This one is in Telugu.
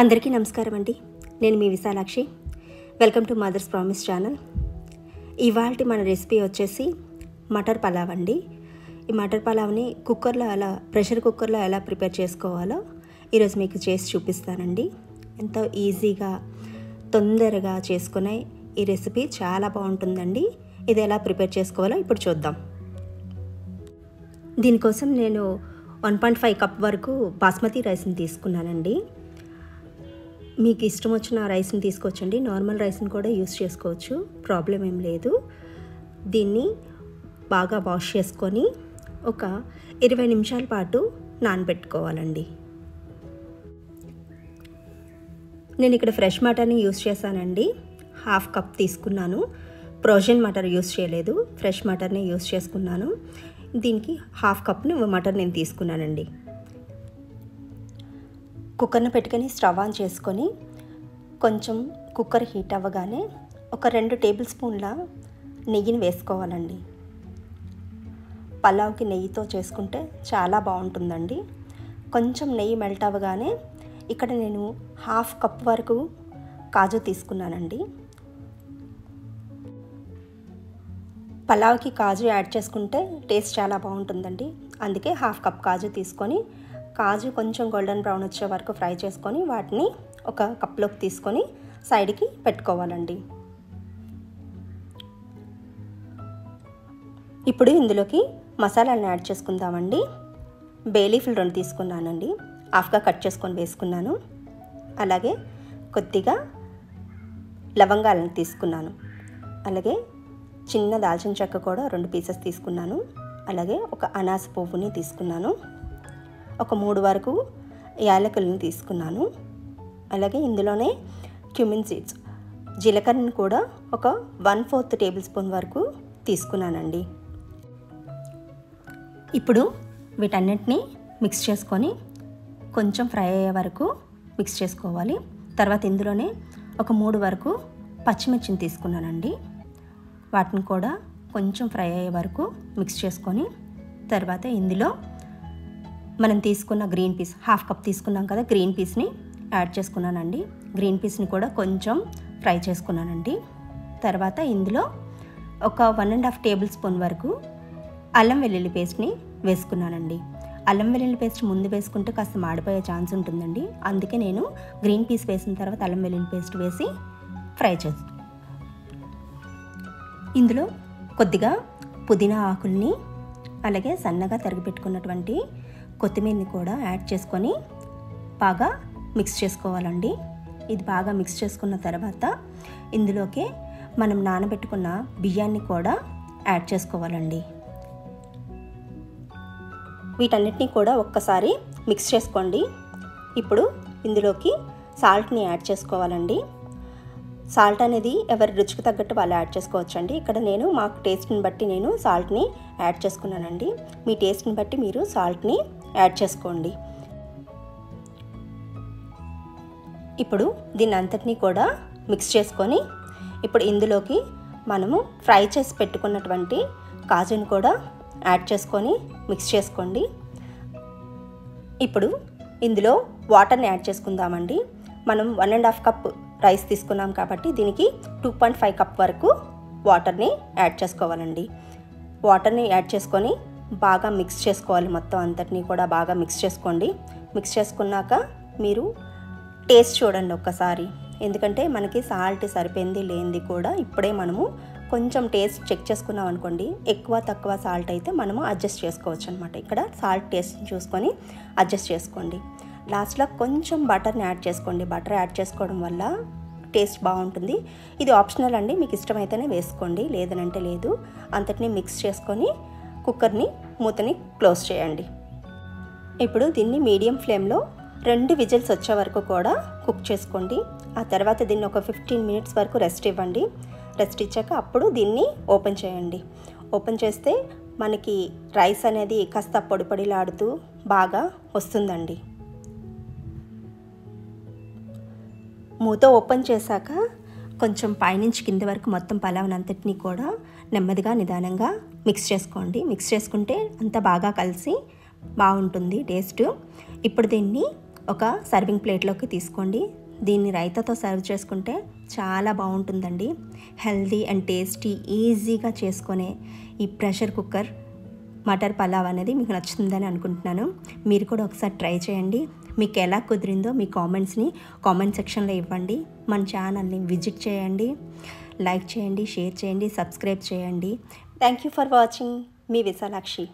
అందరికీ నమస్కారం అండి నేను మీ Vishalakshi welcome to mother's promise channel ఇవాళ మన రెసిపీ వచ్చేసి మటర్ పలావ్ అండి ఈ మటర్ పలావ్ని కుక్కర్లో ఎలా ప్రెషర్ కుక్కర్లో ఎలా ప్రిపేర్ చేసుకోవాలో ఈరోజు మీకు చేసి చూపిస్తానండి ఎంతో ఈజీగా తొందరగా చేసుకునే ఈ రెసిపీ చాలా బాగుంటుందండి ఇది ఎలా ప్రిపేర్ చేసుకోవాలో ఇప్పుడు చూద్దాం దీనికోసం నేను వన్ పాయింట్ ఫైవ్ కప్ వరకు బాస్మతి రైస్ని తీసుకున్నానండి మీకు ఇష్టం వచ్చిన రైస్ని తీసుకొచ్చండి నార్మల్ రైస్ని కూడా యూస్ చేసుకోవచ్చు ప్రాబ్లం ఏం లేదు దీన్ని బాగా వాష్ చేసుకొని ఒక ఇరవై నిమిషాల పాటు నానబెట్టుకోవాలండి నేను ఇక్కడ ఫ్రెష్ మటర్ని యూస్ చేశానండి హాఫ్ కప్ తీసుకున్నాను ప్రోజన్ మటర్ యూస్ చేయలేదు ఫ్రెష్ మటర్ని యూస్ చేసుకున్నాను దీనికి హాఫ్ కప్ని మటర్ నేను తీసుకున్నానండి కుక్కర్ను పెట్టుకొని స్టవ్ ఆన్ చేసుకొని కొంచెం కుక్కర్ హీట్ అవ్వగానే ఒక రెండు టేబుల్ స్పూన్ల నెయ్యిని వేసుకోవాలండి పలావ్కి నెయ్యితో చేసుకుంటే చాలా బాగుంటుందండి కొంచెం నెయ్యి మెల్ట్ అవ్వగానే ఇక్కడ నేను హాఫ్ కప్ వరకు కాజు తీసుకున్నానండి పలావ్కి కాజు యాడ్ చేసుకుంటే టేస్ట్ చాలా బాగుంటుందండి అందుకే హాఫ్ కప్ కాజు తీసుకొని కాజు కొంచెం గోల్డెన్ బ్రౌన్ వచ్చే వరకు ఫ్రై చేసుకొని వాటిని ఒక కప్లోకి తీసుకొని సైడ్కి పెట్టుకోవాలండి ఇప్పుడు ఇందులోకి మసాలాలను యాడ్ చేసుకుందామండి బేలీఫ్లు రెండు తీసుకున్నానండి హాఫ్గా కట్ చేసుకొని వేసుకున్నాను అలాగే కొద్దిగా లవంగాలను తీసుకున్నాను అలాగే చిన్న దాల్చిన చెక్క కూడా రెండు పీసెస్ తీసుకున్నాను అలాగే ఒక అనాస పువ్వుని తీసుకున్నాను ఒక మూడు వరకు యాలకులను తీసుకున్నాను అలాగే ఇందులోనే క్యూమిన్ సీడ్స్ జీలకర్రను కూడా ఒక వన్ ఫోర్త్ టేబుల్ స్పూన్ వరకు తీసుకున్నానండి ఇప్పుడు వీటన్నిటిని మిక్స్ చేసుకొని కొంచెం ఫ్రై అయ్యే వరకు మిక్స్ చేసుకోవాలి తర్వాత ఇందులోనే ఒక మూడు వరకు పచ్చిమిర్చిని తీసుకున్నానండి వాటిని కూడా కొంచెం ఫ్రై అయ్యే వరకు మిక్స్ చేసుకొని తర్వాత ఇందులో మనం తీసుకున్న గ్రీన్ పీస్ హాఫ్ కప్ తీసుకున్నాం కదా గ్రీన్ పీస్ని యాడ్ చేసుకున్నానండి గ్రీన్ పీస్ని కూడా కొంచెం ఫ్రై చేసుకున్నానండి తర్వాత ఇందులో ఒక one and half tablespoon వరకు అల్లం వెల్లుల్లి పేస్ట్ని వేసుకున్నానండి అల్లం వెల్లుల్లి పేస్ట్ ముందు వేసుకుంటే కాస్త మాడిపోయే ఛాన్స్ ఉంటుందండి అందుకే నేను గ్రీన్ పీస్ వేసిన తర్వాత అల్లం వెల్లుల్లి పేస్ట్ వేసి ఫ్రై చేస్తాను ఇందులో కొద్దిగా పుదీనా ఆకుల్ని అలాగే సన్నగా తరిగి పెట్టుకున్నటువంటి కొత్తిమీరని కూడా యాడ్ చేసుకొని బాగా మిక్స్ చేసుకోవాలండి ఇది బాగా మిక్స్ చేసుకున్న తర్వాత ఇందులోకి మనం నానబెట్టుకున్న బియ్యాన్ని కూడా యాడ్ చేసుకోవాలండి వీటన్నిటిని కూడా ఒక్కసారి మిక్స్ చేసుకోండి ఇప్పుడు ఇందులోకి సాల్ట్ని యాడ్ చేసుకోవాలండి సాల్ట్ అనేది ఎవరి రుచికి తగ్గట్టు వాళ్ళు యాడ్ చేసుకోవచ్చండి ఇక్కడ నేను మాకు టేస్ట్ని బట్టి నేను సాల్ట్ని యాడ్ చేసుకున్నానండి మీ టేస్ట్ని బట్టి మీరు సాల్ట్ని యాడ్ చేసుకోండి ఇప్పుడు దీన్ని అంతటినీ కూడా మిక్స్ చేసుకొని ఇప్పుడు ఇందులోకి మనము ఫ్రై చేసి పెట్టుకున్నటువంటి కాజుని కూడా యాడ్ చేసుకొని మిక్స్ చేసుకోండి ఇప్పుడు ఇందులో వాటర్ని యాడ్ చేసుకుందామండి మనం one and half cup rice తీసుకున్నాం కాబట్టి దీనికి టూ పాయింట్ ఫైవ్ కప్ వరకు వాటర్ని యాడ్ చేసుకోవాలండి వాటర్ని యాడ్ చేసుకొని బాగా మిక్స్ చేసుకోవాలి మొత్తం అంతటినీ కూడా బాగా మిక్స్ చేసుకోండి మిక్స్ చేసుకున్నాక మీరు టేస్ట్ చూడండి ఒక్కసారి ఎందుకంటే మనకి సాల్ట్ సరిపోయింది లేనిది కూడా ఇప్పుడే మనము కొంచెం టేస్ట్ చెక్ చేసుకున్నాం అనుకోండి ఎక్కువ తక్కువ సాల్ట్ అయితే మనము అడ్జస్ట్ చేసుకోవచ్చు అనమాట ఇక్కడ సాల్ట్ టేస్ట్ చూసుకొని అడ్జస్ట్ చేసుకోండి లాస్ట్లో కొంచెం బటర్ని యాడ్ చేసుకోండి బటర్ యాడ్ చేసుకోవడం వల్ల టేస్ట్ బాగుంటుంది ఇది ఆప్షనల్ అండి మీకు ఇష్టమైతేనే వేసుకోండి లేదనంటే లేదు అంతటిని మిక్స్ చేసుకొని కుక్కర్ని మూతని క్లోజ్ చేయండి ఇప్పుడు దీన్ని మీడియం ఫ్లేమ్లో రెండు విజిల్స్ వచ్చే వరకు కూడా కుక్ చేసుకోండి ఆ తర్వాత దీన్ని ఒక ఫిఫ్టీన్ మినిట్స్ వరకు రెస్ట్ ఇవ్వండి రెస్ట్ ఇచ్చాక అప్పుడు దీన్ని ఓపెన్ చేయండి ఓపెన్ చేస్తే మనకి రైస్ అనేది కాస్త పొడిపొడిలాడుతూ బాగా వస్తుందండి మూత ఓపెన్ చేశాక కొంచెం పైనుంచి కింద వరకు మొత్తం పలావనంతటినీ కూడా నెమ్మదిగా నిదానంగా మిక్స్ చేసుకోండి మిక్స్ చేసుకుంటే అంత బాగా కలిసి బాగుంటుంది టేస్ట్ ఇప్పుడు దీన్ని ఒక సర్వింగ్ ప్లేట్లోకి తీసుకోండి దీన్ని రైతాతో సర్వ్ చేసుకుంటే చాలా బాగుంటుందండి హెల్దీ అండ్ టేస్టీ ఈజీగా చేసుకునే ఈ ప్రెషర్ కుక్కర్ మటర్ పలావ్ అనేది మీకు నచ్చుతుందని అనుకుంటున్నాను మీరు కూడా ఒకసారి ట్రై చేయండి మీకు ఎలా కుదిరిందో మీ కామెంట్స్ని కామెంట్ సెక్షన్లో ఇవ్వండి మన ఛానల్ని విజిట్ చేయండి లైక్ చేయండి షేర్ చేయండి సబ్స్క్రైబ్ చేయండి Thank you for watching. Me Visalakshi.